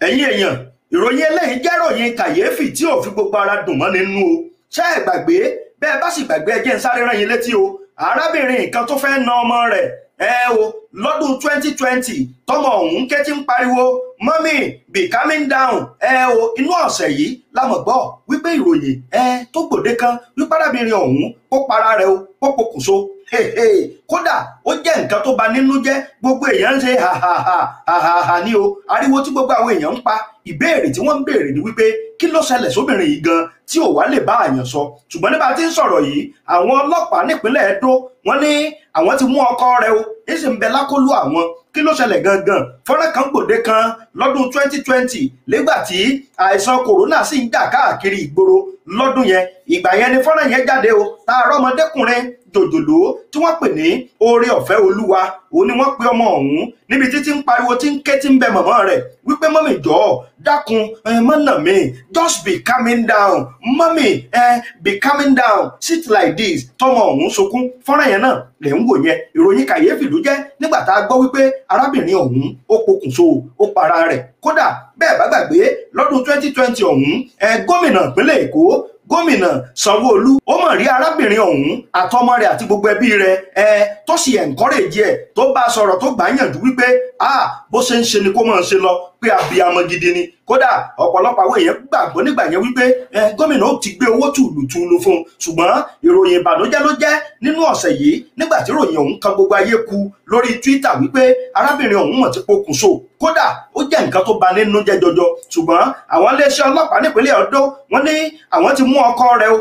ẹ̀yin èèyàn ìròyìn eléyìí jẹ́ ròyìn kàyéfì tí ò fi gbogbo ara dùn mọ́ nínú o ṣé ẹ gbàgbé bẹ́ẹ̀ bá sì gbàgbé ẹ jẹ́ ń sáré rán yín létí o arábìnrin kan tó fẹ́ na ọmọ rẹ̀ ẹ o lọ́dún 2020 tọmọ ọ̀hún ké tí ń pariwo mọ́mì be calming down ẹ o inú ọ̀sẹ̀ yìí la mọ̀ gbọ́ wí wípé ìròyìn ẹ tó gbòde kan wípé ọ̀hún ó para rẹ̀ o ó pokùnso kódà ó jẹ́ nǹkan tó ba nínú jẹ́ gbogbo èèyàn ń ṣe hàhàhà ní o ariwo tí gbogbo àwọn èèyàn ń pa ìbéèrè tí wọ́n ń béèrè ni wípé kí ló ṣẹlẹ̀ sóbìnrin yìí gan tí ò wá lè bá àyàn sọ ṣùgbọ́n nígbà tí ń sọ̀rọ̀ yìí àwọn ọlọ́pàá nípínlẹ̀ Ẹdó wọ́n ní àwọn ti mú ọkọ rẹ̀ o ń sì ń bẹ lákọlù àwọn kí ló ṣẹlẹ̀ gangan fọ́nrán kan gbòde kan lọ́dún 2020 nígbà tí àìsàn kòrónà sì ń jà káàkiri ìgboro lọ́dún yẹn ìgbà yẹn ni fọ́nrán yẹn jáde o tá a rọ́mọdékùnrin tòjòló tí wọ́n pè ní oore ọ̀fẹ́ olúwa òun ni wọ́n pe ọmọ ọ̀hún níbi títí ń pariwo tí ń ké tí ń bẹ mọ̀mọ́ rẹ̀ wípé mọ́mì jọ dákun mọ́nà mi just be calming down mọ́mì be calming down sit like this tọmọ ọ̀hún sunkún fọ́nrán yẹn náà lẹ̀ ń wò yẹn ìròyìn kàyéfì ló jẹ́ nígbà tá a gbọ́ wípé arábìnrin ọ̀hún ó pokùnso ó para rẹ̀ kódà bẹ́ẹ̀ bá gbàgbé lọ́dún 2020 ọ̀hún gómìnà ìpínlẹ̀ èkó gómìnà sanwóolu ó mọ̀ rí arábìnrin ọ̀hún àtọmọ rẹ̀ àti gbogbo ẹbí rẹ̀ ẹ tó sì encourage ẹ̀ tó bá a sọ̀rọ̀ tó gbà á yànjú wípé ah, bó ṣe ń ṣe ni kó máa ṣe lọ pé abiyamọ gidi ni kódà ọ̀pọ̀lọpọ̀ àwọn èèyàn gbàgbọ́ nígbà yẹn wípé gómìnà ó ti gbé owó tùlùtùlù fún un ṣùgbọ́n ìròyìn ìbànújẹ́ ló jẹ́ nínú ọ̀sẹ̀ yìí nígbà tí ìròyìn ọ̀hún kan gbogbo ayé ku lórí Twitter wípé arábìnrin ọ̀hún mọ̀ ti pokùnso kódà ó jẹ́ nǹkan tó bà nínú jẹ́ jọjọ ṣùgbọ́n àwọn iléeṣẹ́ ọlọ́pàá nípínlẹ̀ Ondo wọ́n ní àwọn ti mú ọkọ rẹ̀ o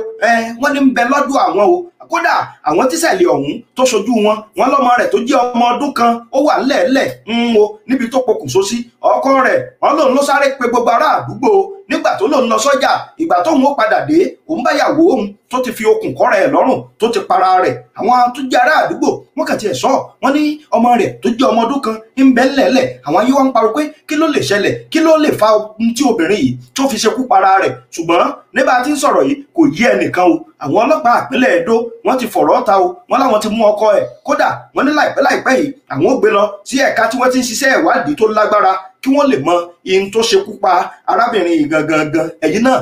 wọ́n ní ń bẹ lọ́dọ̀ àwọn o kódà àwọn tíṣẹ̀lẹ̀ ọ̀hún tó ṣojú wọn wọn lọ́mọ rẹ̀ tó jẹ́ ọmọ ọdún kan ó wà lẹ́ẹ̀lẹ̀ ń mm, o níbi tó pokùnso sí ọkọ rẹ̀ wọn lòun ló sáré pe gbogbo ará àdúgbò nígbà tó lòun lọ sọ́jà ìgbà tóun ó padà dé òun bá yàwó òun tó ti fi okùn kọ́ra ẹ̀ lọ́rùn tó ti para rẹ̀ àwọn tó jẹ́ ará àdúgbò wọn kàn tiẹ̀ sọ wọn ní ọmọ rẹ̀ tó jẹ́ ọmọ ọdún kan ń bẹ lẹ́lẹ̀ àwọn yìí ń pariwo pé kí ló lè ṣẹlẹ̀ kí ló lè fa ohun tí obìnrin yìí tó fi ṣekú para rẹ̀ ṣùgbọ́n nígbà tí ń sọ̀rọ̀ yìí kò yé ẹnìkan o àwọn ọlọ́pàá àpínlẹ̀ Èdó wọ́n ti fọ̀rọ̀ ta o wọ́n láwọn ti mú ọkọ ẹ̀ kódà wọ́n ní láìpẹ́ láìpẹ́ yìí àwọn ò gbé lọ sí ẹ̀ka tí wọ́n ti ń ṣiṣẹ́ ìwádìí tó lágbára kí wọ́n lè mọ ihun tó ṣekú pa arábìnrin yìí gangan ẹ̀yìn náà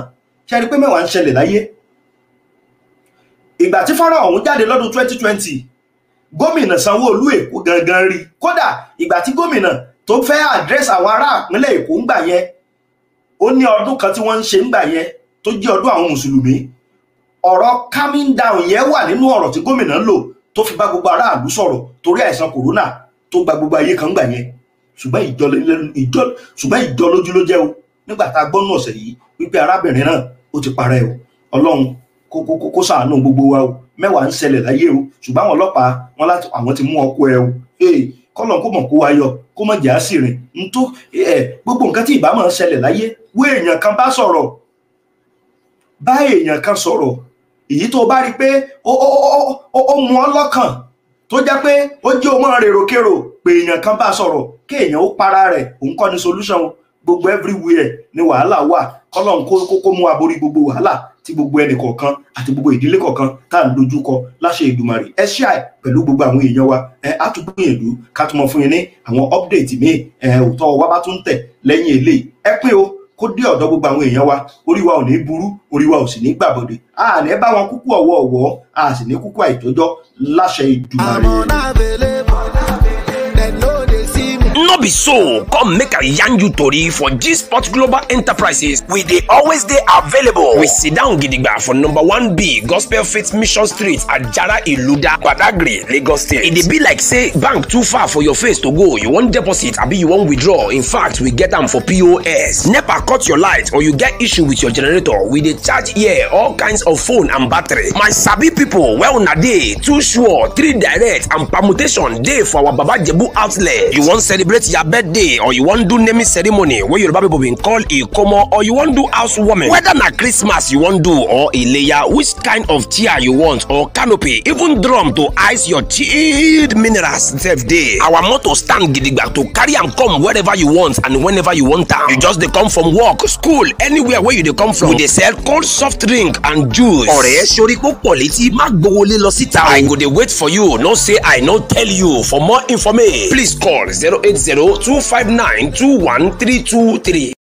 ṣe rí pé mẹ́wàá ń ṣẹlẹ̀ láyé ìgbà tí fọ́nrán ọ̀hún jáde lọ́dún 2020 gómìnà Sanwó-Olú Èkó gangan rí kódà ìgbà tí gómìnà tó fẹ́ àdírẹ́sì àwọn ará ìpínlẹ̀ Èkó ń gbà yẹn ó ní ọdún kan tí wọ́n ń ṣe ń gbà yẹn tó jẹ́ ọdún àwọn mùsùlùmí ọ̀rọ̀ coming down yẹn wà nínú ọ̀rọ̀ tí gómìnà lò tó fi bá gbogbo aráàlú sọ̀rọ̀ torí àìsàn corona tó gba gbogbo ayé kan gbà yẹn ṣùgbọ́n ìjọ lójú ló jẹ́ o nígbà tá a gbọ́ nù ọ̀sẹ̀ yìí wípé arábìnrin náà ó ti parẹ́ o ọlọ́run kó ṣàánú gbogbo wa o mẹ́wàá ń ṣẹlẹ̀ láyé o ṣùgbọ́n àwọn ọlọ́pàá wọn láti àwọn ti mú ọkọ ẹ o kọ́lọ̀ kó mọ̀ kó wa yọ kó mọ̀ jẹ́ àṣìrìn n tó gbogbo nǹkan tí ìbámu ń ṣẹlẹ̀ láyé wé èèyàn kan bá sọ̀rọ̀ bá èèyàn kan sọ̀rọ̀ èyí tó bá rí pé ó mú ọ lọ́kàn tó jẹ́ pé ó jẹ́ ọmọ rèròkèrò pé èèyàn kan bá sọ̀rọ̀ kí èèyàn ó para rẹ̀ òun kọ́ ni solution gbogbo everywhere ni wàhálà wà kọ́lọ́n kó kó mú aborí gbogbo wàhálà tí gbogbo ẹnì kọ̀ọ̀kan àti gbogbo ìdílé kọ̀ọ̀kan tá à ń dojú kọ láṣẹ Èdùmàrè ẹ ṣíà pẹ̀lú gbogbo àwọn èèyàn wa ẹ á tún gbìyànjú ká tún mọ fún yín ní àwọn update míì ẹ òótọ́ wa bá tún tẹ̀ lẹ́yìn eléyìí ẹ pín o kó dé ọ̀dọ̀ gbogbo àwọn èèyàn wa orí wa ò ní burú orí wa ò sì ní gbàbọ̀dẹ̀ a ní bá wọn kúkú ọ̀wọ̀ ọ̀wọ̀ a sì ní kúkú àìtọ́jọ́ láṣẹ Èdùmàrè. àmọ́ so come make i yarn you tori for gsport global enterprises we dey always dey available we sit down gidigba for number one b gospel faith mission street ajara iluda badagry lagos state e dey be like say bank too far for your face to go you wan deposit abi you wan withdraw in fact we get am for pos nepa cut your light or you get issue with your generator we dey charge here all kinds of phone and battery my sabi pipo well na dey too sure three direct and permutation dey for our baba jebu outlet you wan celebrate yahoo their birthday or you wan do naming ceremony wey yoruba people bin call ikomo or you wan do housewarming whether na christmas you wan do or ileya which kind of chair you want or canopy even drum to ice your chilled minerals sef dey our motor stand gidigba to carry am come wherever you want and whenever you want am you just dey come from work school anywhere wey you dey come from we dey sell cold soft drink and juice. ọ̀rẹ́ sori kó pọ̀ létí má gbowó lé lọ síta. i go dey wait for you no say i no tell you for more information please call zero eight zero zero two five nine two one three two three.